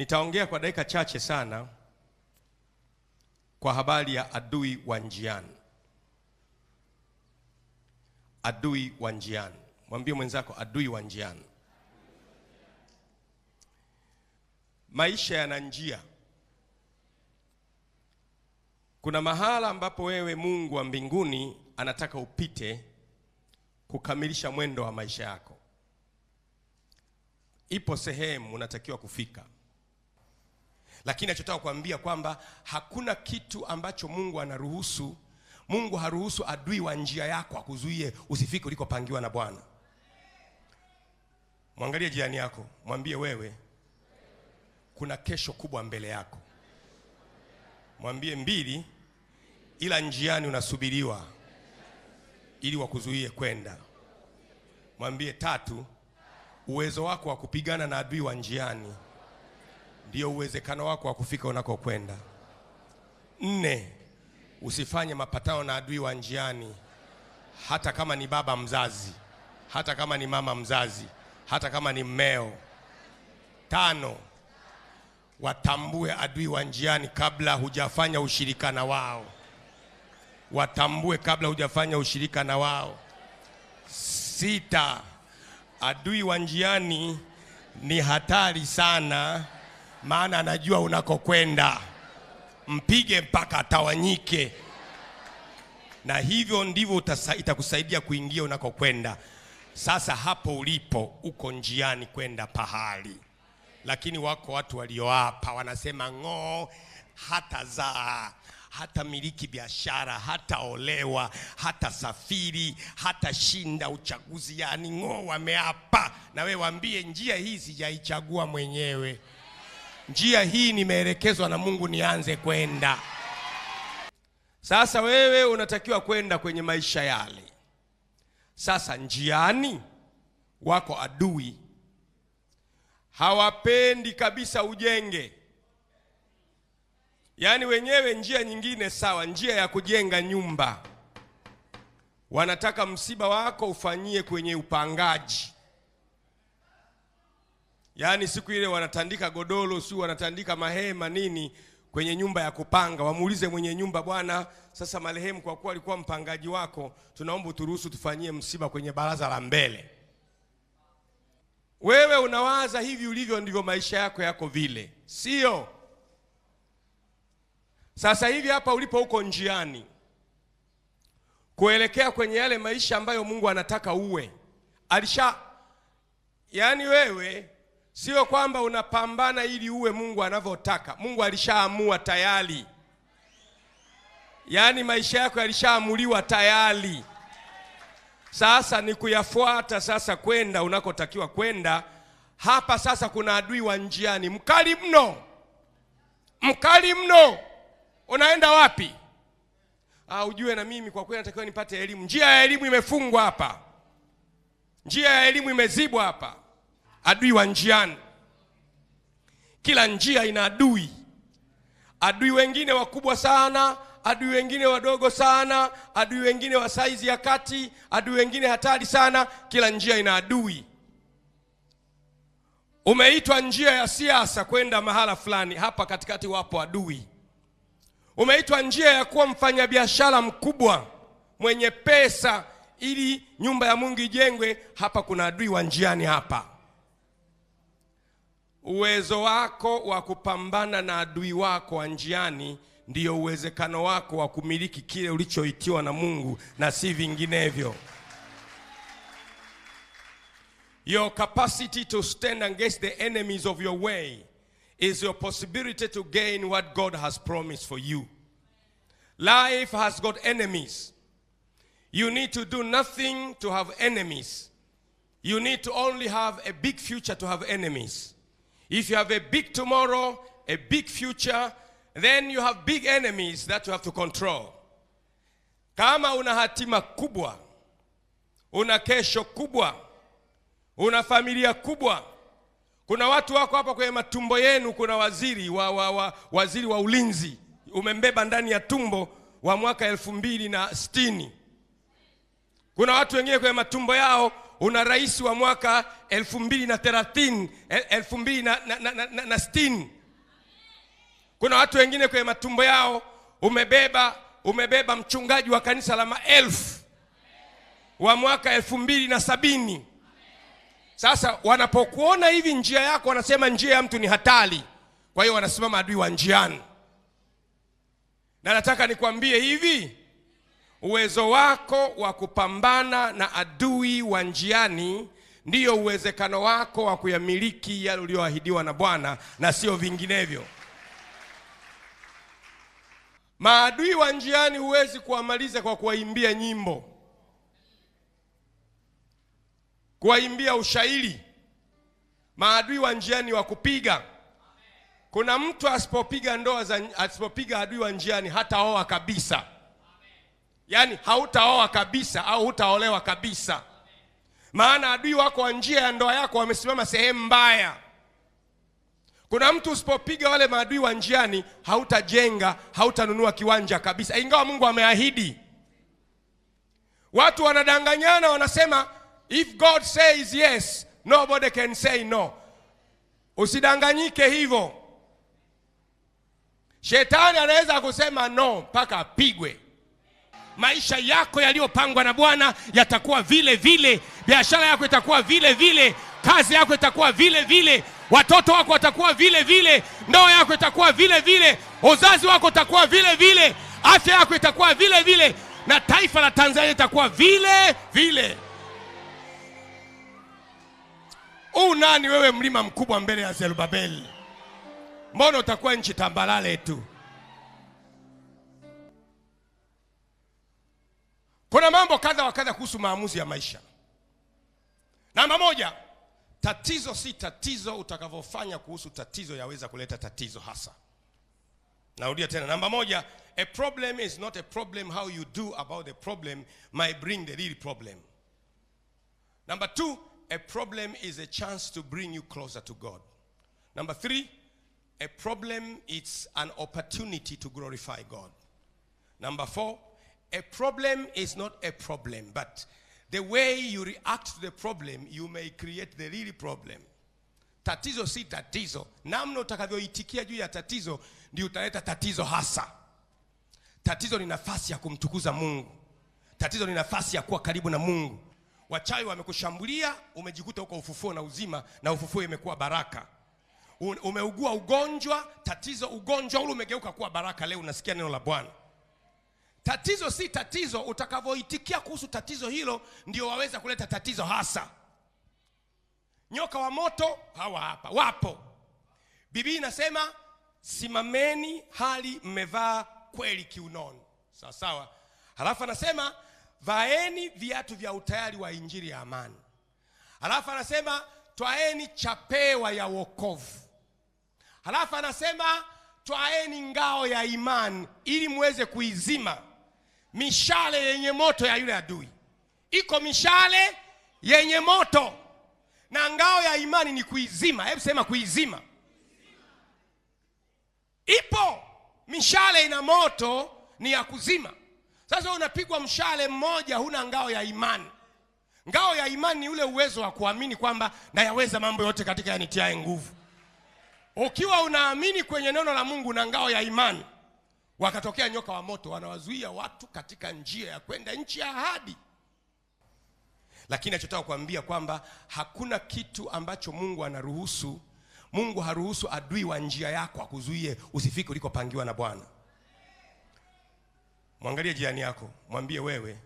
Nitaongea kwa dakika chache sana kwa habari ya adui wa njiani. Adui wa njiani, mwambie mwenzako, adui wa njiani. Maisha yana njia. Kuna mahala ambapo wewe Mungu wa mbinguni anataka upite kukamilisha mwendo wa maisha yako. Ipo sehemu unatakiwa kufika lakini nachotaka kuambia kwamba hakuna kitu ambacho Mungu anaruhusu. Mungu haruhusu adui wa njia yako akuzuie usifike ulikopangiwa na Bwana. Mwangalie jirani yako, mwambie wewe, kuna kesho kubwa mbele yako. Mwambie mbili, ila njiani unasubiriwa ili wakuzuie kwenda. Mwambie tatu, uwezo wako wa kupigana na adui wa njiani ndio uwezekano wako wa kufika unakokwenda. Nne, usifanye mapatano na adui wa njiani, hata kama ni baba mzazi, hata kama ni mama mzazi, hata kama ni mmeo. Tano, watambue adui wa njiani kabla hujafanya ushirika na wao, watambue kabla hujafanya ushirika na wao. Sita, adui wa njiani ni hatari sana maana anajua unakokwenda. Mpige mpaka atawanyike, na hivyo ndivyo itakusaidia kuingia unakokwenda. Sasa hapo ulipo, uko njiani kwenda pahali, lakini wako watu walioapa, wanasema ng'oo hata zaa hata miliki biashara, hata olewa, hata safiri, hata shinda uchaguzi. Yani ng'oo wameapa, na we waambie njia hii sijaichagua mwenyewe njia hii nimeelekezwa na Mungu nianze kwenda. Sasa wewe unatakiwa kwenda kwenye maisha yale. Sasa njiani wako adui, hawapendi kabisa ujenge. Yaani wenyewe njia nyingine sawa, njia ya kujenga nyumba, wanataka msiba wako ufanyie kwenye upangaji yaani siku ile wanatandika godoro, si wanatandika mahema nini kwenye nyumba ya kupanga. Wamuulize mwenye nyumba, bwana, sasa marehemu kwa kuwa alikuwa mpangaji wako, tunaomba uturuhusu tufanyie msiba kwenye baraza la mbele. Wewe unawaza hivi ulivyo, ndivyo maisha yako yako vile, sio? Sasa hivi hapa ulipo, huko njiani kuelekea kwenye yale maisha ambayo Mungu anataka uwe alisha, yaani wewe Sio kwamba unapambana ili uwe Mungu anavyotaka. Mungu alishaamua tayari, yaani maisha yako yalishaamuliwa tayari. Sasa ni kuyafuata sasa, kwenda unakotakiwa kwenda. Hapa sasa kuna adui wa njiani mkali mno, mkali mno. Unaenda wapi? Ah, ujue na mimi kwa kweli natakiwa nipate elimu. Njia ya elimu imefungwa hapa, njia ya elimu imezibwa hapa adui wa njiani. Kila njia ina adui, adui wengine wakubwa sana, adui wengine wadogo sana, adui wengine wa saizi ya kati, adui wengine hatari sana. Kila njia ina adui. Umeitwa njia ya siasa kwenda mahala fulani, hapa katikati wapo adui. Umeitwa njia ya kuwa mfanyabiashara mkubwa mwenye pesa, ili nyumba ya Mungu ijengwe, hapa kuna adui wa njiani hapa. Uwezo wako wa kupambana na adui wako njiani uwezekano wako wa kumiliki kile ulichoitiwa na Mungu na si vinginevyo. Your capacity to stand against the enemies of your way is your possibility to gain what God has promised for you. Life has got enemies. You need to do nothing to have enemies. You need to only have a big future to have enemies. If you have a big tomorrow, a big future, then you have big enemies that you have to control. Kama una hatima kubwa, una kesho kubwa, una familia kubwa. Kuna watu wako hapa kwenye matumbo yenu, kuna waziri wa, wa, wa, waziri wa ulinzi umembeba ndani ya tumbo wa mwaka elfu mbili na sitini. Kuna watu wengine kwenye matumbo yao una rais wa mwaka elfu mbili na thelathini elfu mbili na, na, na, na, na, na sitini. Kuna watu wengine kwenye matumbo yao umebeba umebeba mchungaji wa kanisa la maelfu wa mwaka elfu mbili na sabini. Sasa wanapokuona hivi njia yako, wanasema njia ya mtu ni hatari, kwa hiyo wanasimama adui wa njiani, na nataka nikwambie hivi Uwezo wako wa kupambana na adui wa njiani ndiyo uwezekano wako wa kuyamiliki yale uliyoahidiwa na Bwana na sio vinginevyo. Maadui wa njiani huwezi kuwamaliza kwa kuwaimbia nyimbo, kuwaimbia ushairi. Maadui wa njiani wa kupiga. Kuna mtu asipopiga ndoa za asipopiga adui wa njiani hataoa kabisa yaani hautaoa kabisa au hutaolewa kabisa, maana adui wako wa njia ya ndoa yako wamesimama sehemu mbaya. Kuna mtu usipopiga wale maadui wa njiani, hautajenga, hautanunua kiwanja kabisa, ingawa Mungu ameahidi. Watu wanadanganyana, wanasema if God says yes nobody can say no. Usidanganyike hivyo. Shetani anaweza kusema no mpaka apigwe maisha yako yaliyopangwa na Bwana yatakuwa vile vile, biashara yako itakuwa vile vile, kazi yako itakuwa vile vile, watoto wako watakuwa vile vile, ndoa yako itakuwa vile vile, uzazi wako utakuwa vile vile, afya yako itakuwa vile vile, na taifa la Tanzania itakuwa vile vile. Huu nani wewe, mlima mkubwa mbele ya Zerubabeli? Mbona utakuwa nchi tambalale tu? Kuna mambo kadha wa kadha kuhusu maamuzi ya maisha. Namba moja, tatizo si tatizo utakavyofanya kuhusu tatizo yaweza kuleta tatizo hasa. Narudia tena, namba moja, a problem is not a problem how you do about the problem might bring the real problem. Number two, a problem is a chance to bring you closer to God. Number three, a problem is an opportunity to glorify God. Number four, A problem is not a problem, but the way you react to the problem, you may create the real problem. Tatizo si tatizo. Namna utakavyoitikia juu ya tatizo ndio utaleta tatizo hasa. Tatizo ni nafasi ya kumtukuza Mungu. Tatizo ni nafasi ya kuwa karibu na Mungu. Wachawi wamekushambulia, umejikuta uko ufufuo na uzima, na ufufuo imekuwa baraka. Umeugua ugonjwa, tatizo ugonjwa ule umegeuka kuwa baraka. Leo unasikia neno la Bwana. Tatizo si tatizo, utakavyoitikia kuhusu tatizo hilo ndio waweza kuleta tatizo hasa. Nyoka wa moto hawa hapa wapo. Biblia inasema simameni hali mmevaa kweli kiunoni, sawa sawa. Halafu anasema vaeni viatu vya utayari wa injili ya amani. Halafu anasema twaeni chapewa ya wokovu. Halafu anasema twaeni ngao ya imani ili muweze kuizima mishale yenye moto ya yule adui. Iko mishale yenye moto, na ngao ya imani ni kuizima. Hebu sema kuizima. Ipo mishale ina moto, ni ya kuzima. Sasa unapigwa mshale mmoja, huna ngao ya imani. Ngao ya imani ni ule uwezo wa kuamini kwamba nayaweza mambo yote katika yanitiae nguvu. Ukiwa unaamini kwenye neno la Mungu na ngao ya imani wakatokea nyoka wa moto, wanawazuia watu katika njia ya kwenda nchi ya ahadi. Lakini nachotaka kuambia kwamba hakuna kitu ambacho Mungu anaruhusu. Mungu haruhusu adui wa njia yako akuzuie usifike ulikopangiwa na Bwana. Mwangalie jirani yako, mwambie wewe,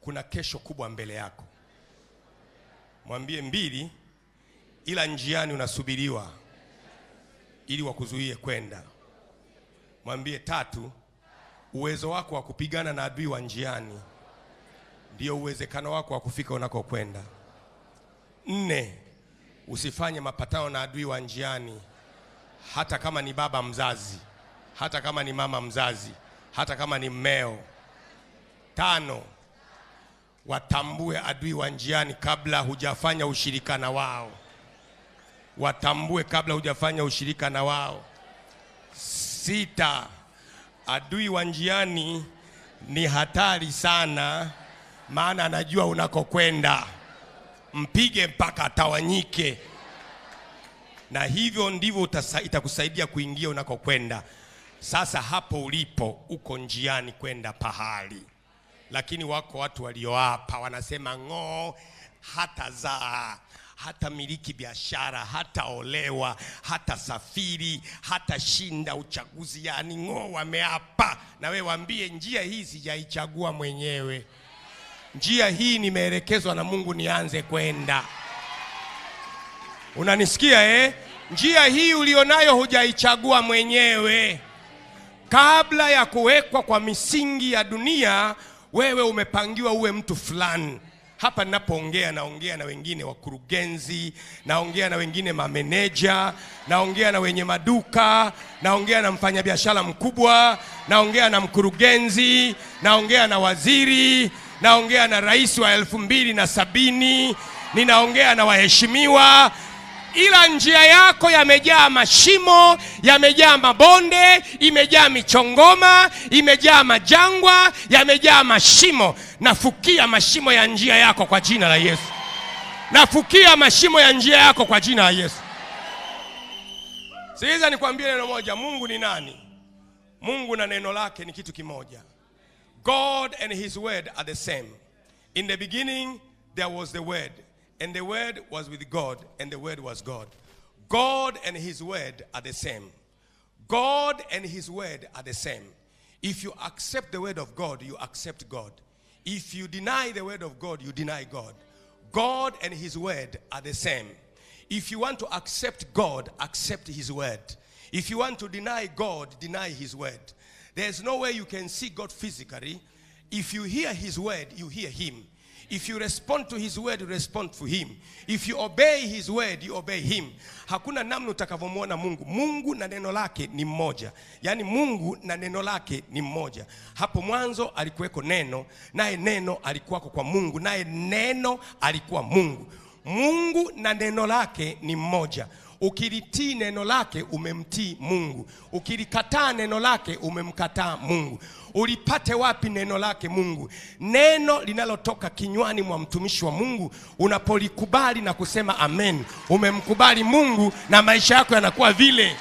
kuna kesho kubwa mbele yako. Mwambie mbili, ila njiani unasubiriwa ili wakuzuie kwenda. Mwambie tatu, uwezo wako wa kupigana na adui wa njiani ndio uwezekano wako wa kufika unakokwenda. Nne, usifanye mapatano na adui wa njiani, hata kama ni baba mzazi, hata kama ni mama mzazi, hata kama ni mmeo. Tano, watambue adui wa njiani kabla hujafanya ushirika na wao, watambue kabla hujafanya ushirika na wao. Sita, adui wa njiani ni hatari sana, maana anajua unakokwenda. Mpige mpaka atawanyike, na hivyo ndivyo itakusaidia kuingia unakokwenda. Sasa hapo ulipo, uko njiani kwenda pahali, lakini wako watu walioapa wanasema ng'oo hata zaa hata miliki biashara, hata hata olewa safiri hata shinda uchaguzi. Yani ng'oo, wameapa. Na we waambie, njia hii sijaichagua mwenyewe, njia hii nimeelekezwa na Mungu nianze kwenda. Unanisikia eh? Njia hii ulionayo hujaichagua mwenyewe. Kabla ya kuwekwa kwa misingi ya dunia, wewe umepangiwa uwe mtu fulani hapa ninapoongea, naongea na wengine wakurugenzi, naongea na wengine mameneja, naongea na wenye maduka, naongea na mfanyabiashara mkubwa, naongea na mkurugenzi, naongea na waziri, naongea na rais wa elfu mbili na sabini, ninaongea na waheshimiwa ila njia yako yamejaa mashimo, yamejaa mabonde, imejaa michongoma, imejaa majangwa, yamejaa mashimo. Nafukia mashimo ya njia yako kwa jina la Yesu. Nafukia mashimo ya njia yako kwa jina la Yesu. Sikiliza nikwambie neno moja, Mungu ni nani? Mungu na neno lake ni kitu kimoja. God and his word are the same. In the beginning there was the word And the Word was with God, and the Word was God. God and His Word are the same. God and His Word are the same. If you accept the Word of God, you accept God. If you deny the Word of God, you deny God. God and His Word are the same. If you want to accept God, accept His Word. If you want to deny God, deny His Word. There's no way you can see God physically. If you hear His Word, you hear Him. If you respond to his word, you respond to him. If you obey his word, you obey him. Hakuna namna utakavyomwona Mungu. Mungu na neno lake ni mmoja, yaani Mungu na neno lake ni mmoja. Hapo mwanzo alikuweko neno, naye neno alikuwako kwa Mungu, naye neno alikuwa Mungu. Mungu na neno lake ni mmoja. Ukilitii neno lake umemtii Mungu, ukilikataa neno lake umemkataa Mungu. Ulipate wapi neno lake Mungu? Neno linalotoka kinywani mwa mtumishi wa Mungu unapolikubali na kusema amen, umemkubali Mungu na maisha yako yanakuwa vile.